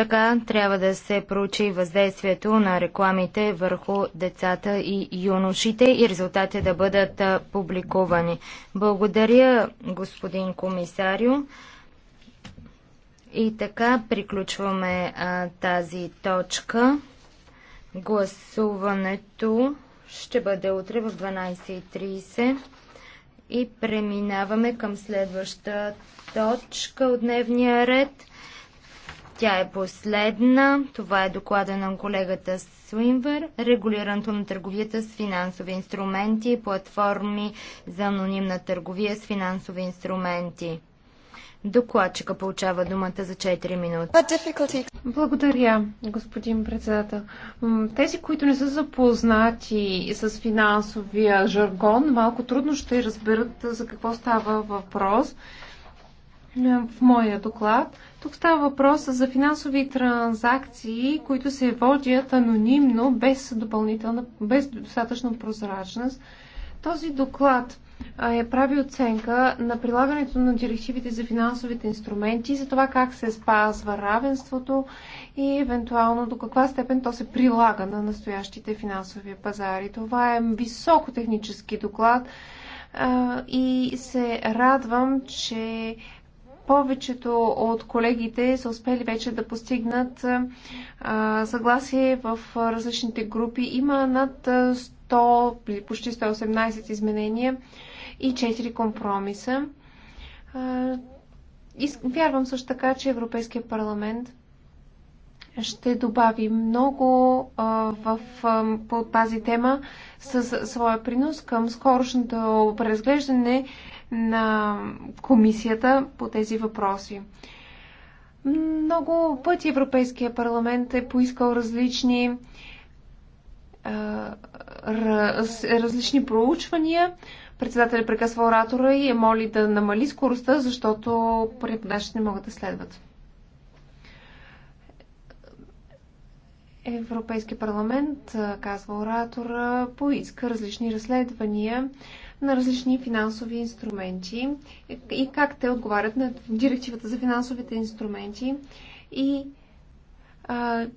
Така трябва да се проучи въздействието на рекламите върху децата и юношите и резултатите да бъдат публикувани. Благодаря, господин комисарио. И така приключваме а, тази точка. Гласуването ще бъде утре в 12.30 и преминаваме към следващата точка от дневния ред – тя е последна. Това е доклада на колегата Суинвър. Регулирането на търговията с финансови инструменти, платформи за анонимна търговия с финансови инструменти. Докладчика получава думата за 4 минути. Благодаря, господин председател. Тези, които не са запознати с финансовия жаргон, малко трудно ще разберат за какво става въпрос в моя доклад. Тук става въпрос за финансови транзакции, които се водят анонимно, без, допълнителна, без достатъчно прозрачност. Този доклад е прави оценка на прилагането на директивите за финансовите инструменти, за това как се спазва равенството и евентуално до каква степен то се прилага на настоящите финансови пазари. Това е високотехнически доклад и се радвам, че повечето от колегите са успели вече да постигнат а, съгласие в различните групи. Има над 100, или почти 118 изменения и 4 компромиса. А, вярвам също така, че Европейския парламент ще добави много а, в, а, по тази тема със своя принос към скорошното преразглеждане на комисията по тези въпроси. Много пъти Европейския парламент е поискал различни различни проучвания. Председателят прекъсва оратора и е моли да намали скоростта, защото преподаващите не могат да следват. Европейски парламент, казва оратора, поиска различни разследвания на различни финансови инструменти и как те отговарят на директивата за финансовите инструменти и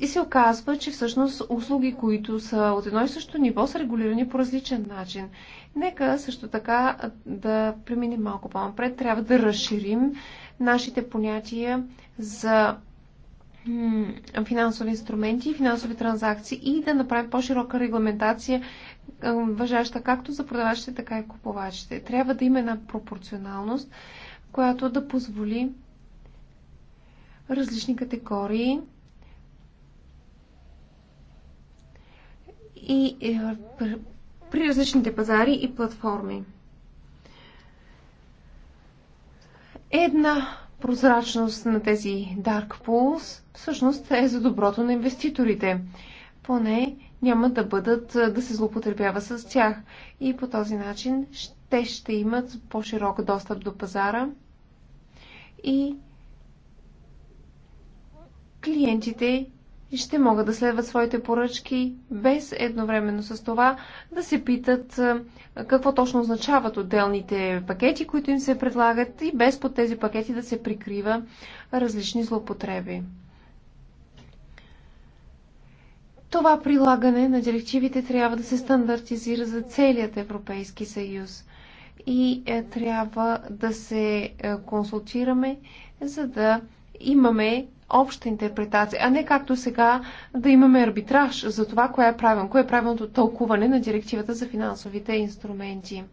и се оказва, че всъщност услуги, които са от едно и също ниво, са регулирани по различен начин. Нека също така да преминем малко по-напред. Трябва да разширим нашите понятия за финансови инструменти финансови транзакции и да направим по-широка регламентация е, въжаща както за продавачите, така и купувачите. Трябва да има една пропорционалност, която да позволи различни категории и е, при различните пазари и платформи. Една прозрачност на тези Dark Pools всъщност е за доброто на инвеститорите. Поне няма да бъдат, да се злоупотребява с тях. И по този начин те ще имат по-широк достъп до пазара и клиентите ще могат да следват своите поръчки без едновременно с това да се питат какво точно означават отделните пакети, които им се предлагат и без под тези пакети да се прикрива различни злоупотреби. Това прилагане на директивите трябва да се стандартизира за целият Европейски съюз и е, трябва да се е, консултираме, за да имаме обща интерпретация, а не както сега да имаме арбитраж за това, кое е правилно, кое е правилното тълкуване на директивата за финансовите инструменти.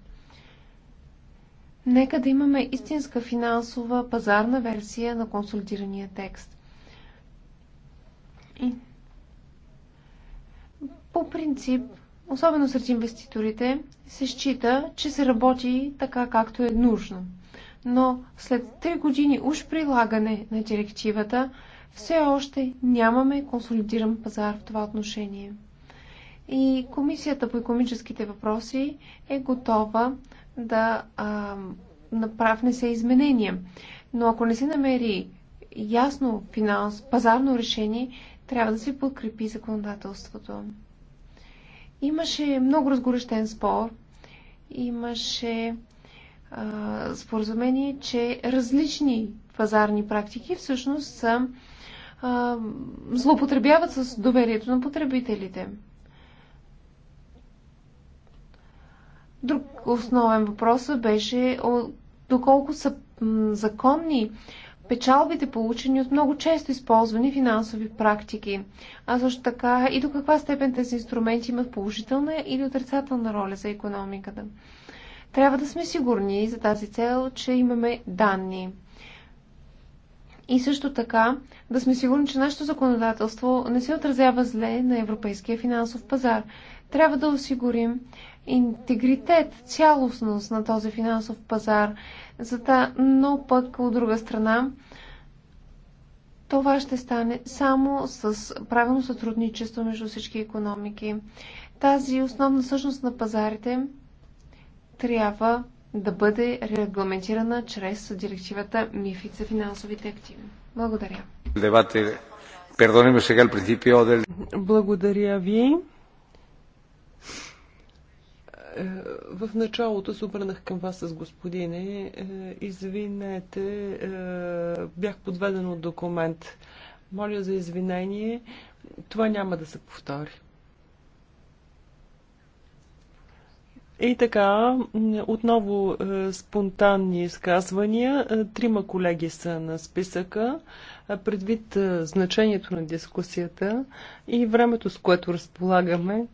Нека да имаме истинска финансова пазарна версия на консолидирания текст. И по принцип, особено сред инвеститорите, се счита, че се работи така както е нужно. Но след 3 години уж прилагане на директивата, все още нямаме консолидиран пазар в това отношение. И Комисията по економическите въпроси е готова да направне се изменения. Но ако не се намери ясно финанс, пазарно решение, трябва да се подкрепи законодателството. Имаше много разгорещен спор. Имаше а, споразумение, че различни пазарни практики всъщност са, а, злоупотребяват с доверието на потребителите. Друг основен въпрос беше доколко са законни печалбите получени от много често използвани финансови практики, а също така и до каква степен тези инструменти имат положителна или отрицателна роля за економиката. Трябва да сме сигурни за тази цел, че имаме данни. И също така да сме сигурни, че нашето законодателство не се отразява зле на европейския финансов пазар. Трябва да осигурим интегритет, цялостност на този финансов пазар. За та, но пък от друга страна, това ще стане само с правилно сътрудничество между всички економики. Тази основна същност на пазарите трябва да бъде регламентирана чрез директивата МИФИД за финансовите активи. Благодаря. Благодаря ви. Е, в началото се обърнах към вас с господине. Е, извинете, е, бях подведен от документ. Моля за извинение. Това няма да се повтори. И така, отново спонтанни изказвания. Трима колеги са на списъка. Предвид значението на дискусията и времето, с което разполагаме,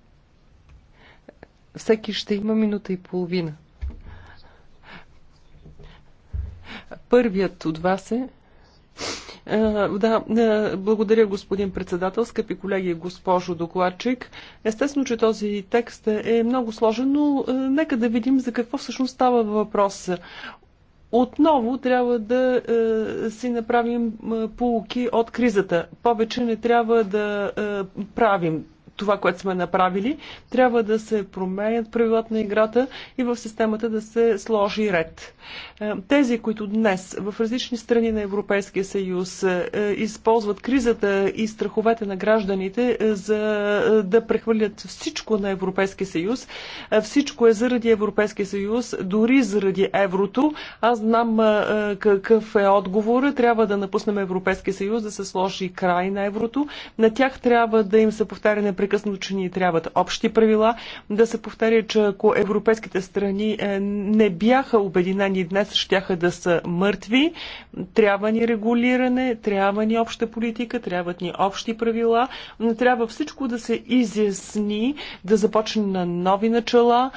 всеки ще има минута и половина. Първият от вас е, е да, е, благодаря господин председател, скъпи колеги, госпожо докладчик. Естествено, че този текст е много сложен, но е, нека да видим за какво всъщност става въпрос. Отново трябва да а, си направим а, полуки от кризата. Повече не трябва да а, правим това, което сме направили. Трябва да се променят правилата на играта и в системата да се сложи ред. Е, тези, които днес в различни страни на Европейския съюз е, е, използват кризата и страховете на гражданите за да прехвърлят всичко на Европейския съюз, всичко е заради Европейския съюз, дори заради еврото. Аз знам какъв е отговор. Трябва да напуснем Европейския съюз, да се сложи край на еврото. На тях трябва да им се повтаря непрекъснато непрекъснато, че ни трябват общи правила. Да се повтаря, че ако европейските страни е, не бяха обединени днес, щяха да са мъртви. Трябва ни регулиране, трябва ни обща политика, трябват ни общи правила. Трябва всичко да се изясни, да започне на нови начала.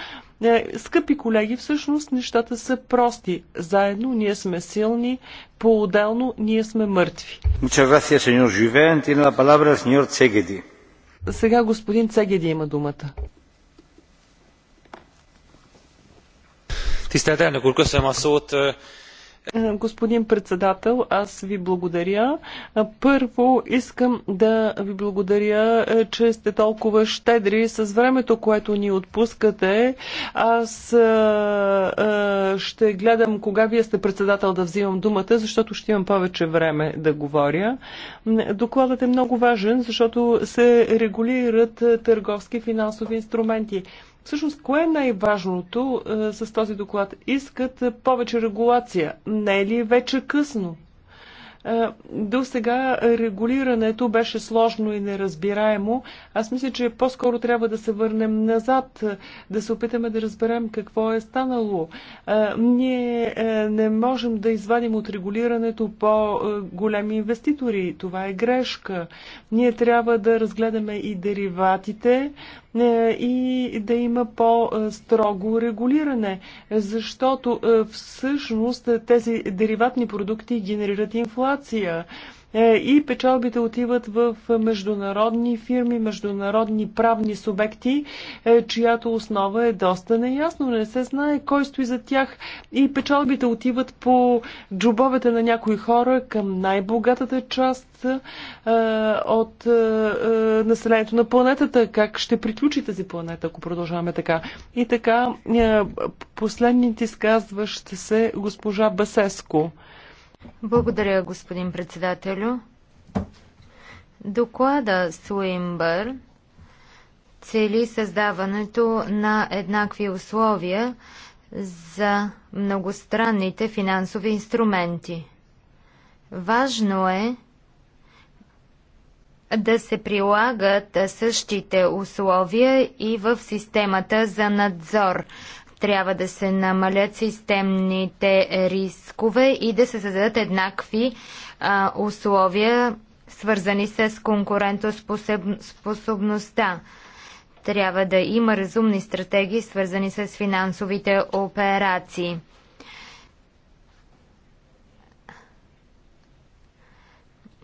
Е, скъпи колеги, всъщност нещата са прости. Заедно ние сме силни, по-отделно ние сме мъртви. Muchas gracias, señor Tiene la palabra el señor сега господин Цегеди има думата. Tisztelt elnök úr, köszönöm a szót. Господин председател, аз ви благодаря. Първо искам да ви благодаря, е, че сте толкова щедри с времето, което ни отпускате. Аз е, е, ще гледам кога вие сте председател да взимам думата, защото ще имам повече време да говоря. Докладът е много важен, защото се регулират търговски финансови инструменти. Всъщност, кое е най-важното е, с този доклад? Искат е, повече регулация. Не е ли вече късно? Е, до сега регулирането беше сложно и неразбираемо. Аз мисля, че по-скоро трябва да се върнем назад, е, да се опитаме да разберем какво е станало. Е, ние не можем да извадим от регулирането по-големи инвеститори. Това е грешка. Ние трябва да разгледаме и дериватите, е, и да има по-строго регулиране, защото е, всъщност тези дериватни продукти генерират инфлация. Е, и печалбите отиват в международни фирми, международни правни субекти, е, чиято основа е доста неясно. Не се знае кой стои за тях и печалбите отиват по джобовете на някои хора към най-богатата част е, от населението на планетата. Как ще приключи тази планета, ако продължаваме така? И така, последните изказващ се госпожа Басеско. Благодаря, господин председателю. Доклада Суимбър цели създаването на еднакви условия за многостранните финансови инструменти. Важно е да се прилагат същите условия и в системата за надзор. Трябва да се намалят системните рискове и да се създадат еднакви а, условия, свързани с конкурентоспособността. Трябва да има разумни стратегии, свързани с финансовите операции.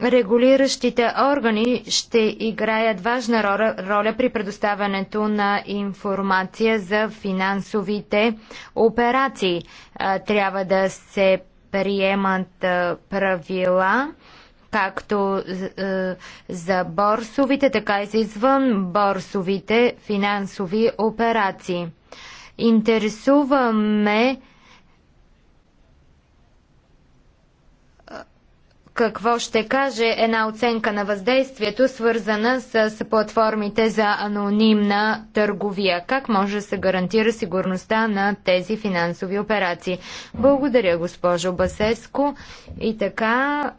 Регулиращите органи ще играят важна роля, роля при предоставянето на информация за финансовите операции. Трябва да се приемат правила както за борсовите, така и за извън борсовите финансови операции. Интересуваме какво ще каже една оценка на въздействието, свързана с платформите за анонимна търговия? Как може да се гарантира сигурността на тези финансови операции? Благодаря, госпожо Басеско. И така,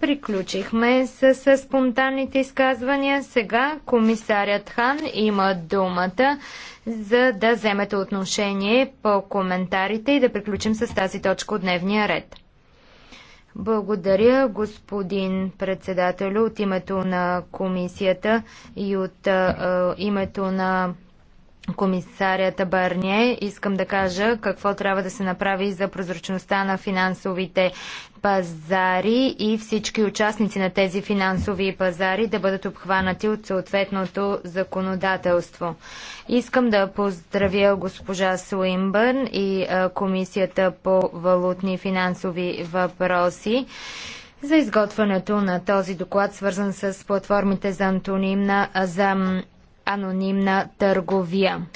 приключихме с, с спонтанните изказвания. Сега комисарят Хан има думата, за да вземете отношение по коментарите и да приключим с тази точка от дневния ред. Благодаря, господин председател, от името на комисията и от името на Комисарята Барние, искам да кажа какво трябва да се направи за прозрачността на финансовите пазари и всички участници на тези финансови пазари да бъдат обхванати от съответното законодателство. Искам да поздравя госпожа Суимбърн и Комисията по валутни и финансови въпроси за изготвянето на този доклад, свързан с платформите за антонимна за анонимна търговия.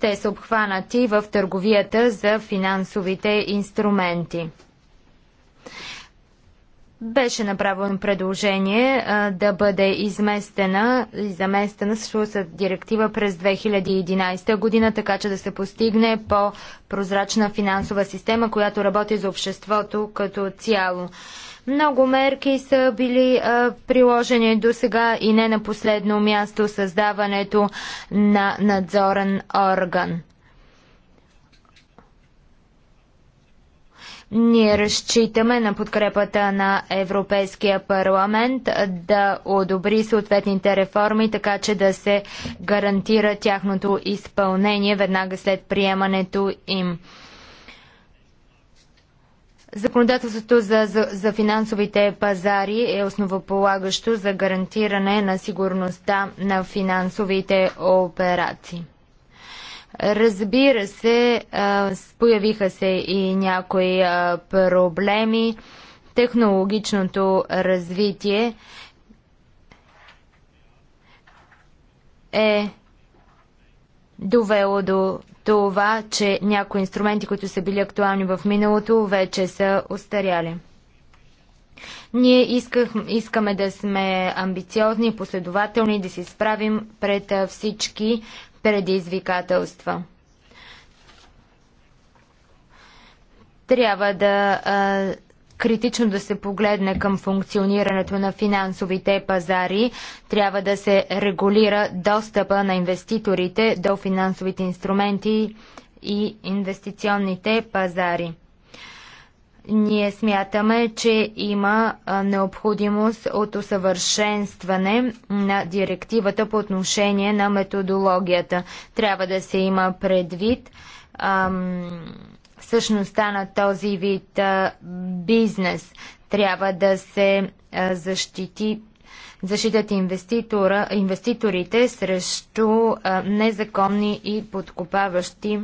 Те са обхванати в търговията за финансовите инструменти. Беше направено предложение а, да бъде изместена и заместена с директива през 2011 година, така че да се постигне по-прозрачна финансова система, която работи за обществото като цяло. Много мерки са били а, приложени до сега и не на последно място създаването на надзорен орган. Ние разчитаме на подкрепата на Европейския парламент да одобри съответните реформи, така че да се гарантира тяхното изпълнение веднага след приемането им. Законодателството за, за, за финансовите пазари е основополагащо за гарантиране на сигурността на финансовите операции. Разбира се, появиха се и някои проблеми. Технологичното развитие е довело до това, че някои инструменти, които са били актуални в миналото, вече са устаряли. Ние исках, искаме да сме амбициозни, последователни, да се справим пред всички предизвикателства. Трябва да а, критично да се погледне към функционирането на финансовите пазари. Трябва да се регулира достъпа на инвеститорите до финансовите инструменти и инвестиционните пазари. Ние смятаме, че има необходимост от усъвършенстване на директивата по отношение на методологията. Трябва да се има предвид ам, същността на този вид а, бизнес. Трябва да се а, защити защитят инвеститора, инвеститорите срещу а, незаконни и подкопаващи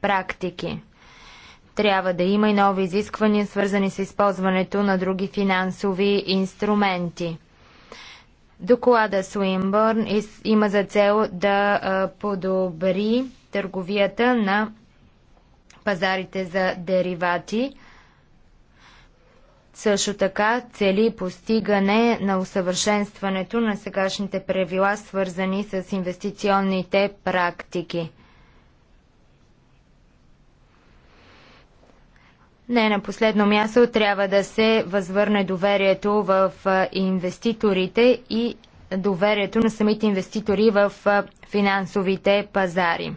практики. Трябва да има и нови изисквания, свързани с използването на други финансови инструменти. Доклада Суинбърн има за цел да подобри търговията на пазарите за деривати. Също така цели постигане на усъвършенстването на сегашните правила, свързани с инвестиционните практики. Не на последно място трябва да се възвърне доверието в инвеститорите и доверието на самите инвеститори в финансовите пазари.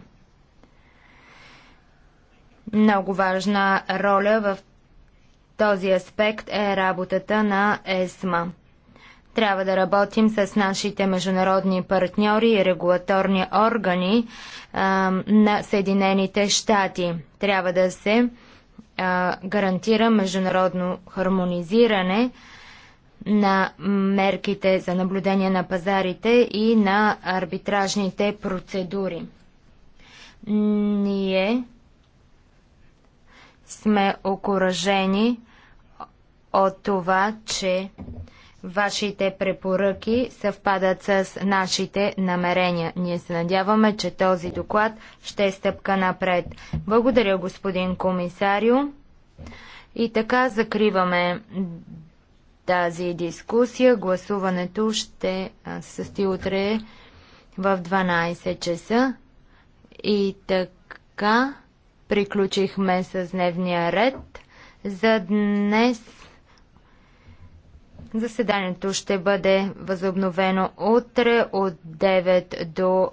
Много важна роля в този аспект е работата на ЕСМА. Трябва да работим с нашите международни партньори и регулаторни органи а, на Съединените щати. Трябва да се гарантира международно хармонизиране на мерките за наблюдение на пазарите и на арбитражните процедури. Ние сме окоръжени от това, че Вашите препоръки съвпадат с нашите намерения. Ние се надяваме, че този доклад ще е стъпка напред. Благодаря, господин комисарио. И така закриваме тази дискусия. Гласуването ще състи утре в 12 часа. И така приключихме с дневния ред. За днес Заседанието ще бъде възобновено утре от 9 до